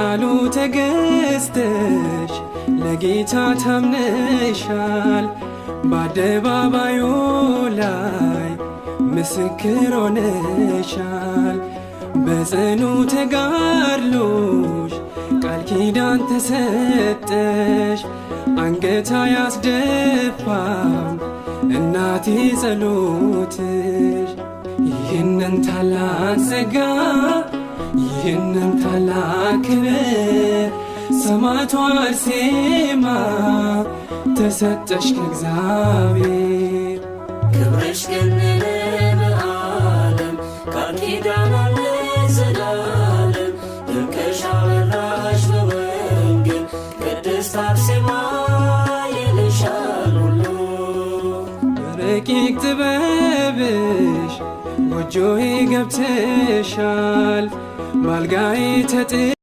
ቃሉ ተገዝተሽ ለጌታ ታምነሻል። በአደባባዩ ላይ ምስክር ሆነሻል። በጽኑ ተጋድሎሽ ቃል ኪዳን ተሰጠሽ። አንገታ ያስደፋም እናት ጸሎትሽ ይህንን ታላቅ ጸጋ ይህንን ታላቅ ክብር ሰማዕቷ አርሴማ ተሰጠሽ ከእግዚአብሔር ክብረሽ ግን በዓለም ቃል ኪዳን ለዘላለም ድንቅሽ አበራሽ በወንጌል ቅድስት አርሴማ በረቂቅ ጥበብሽ ጎጆዬ ገብተሻል ባልጋይ ተጥ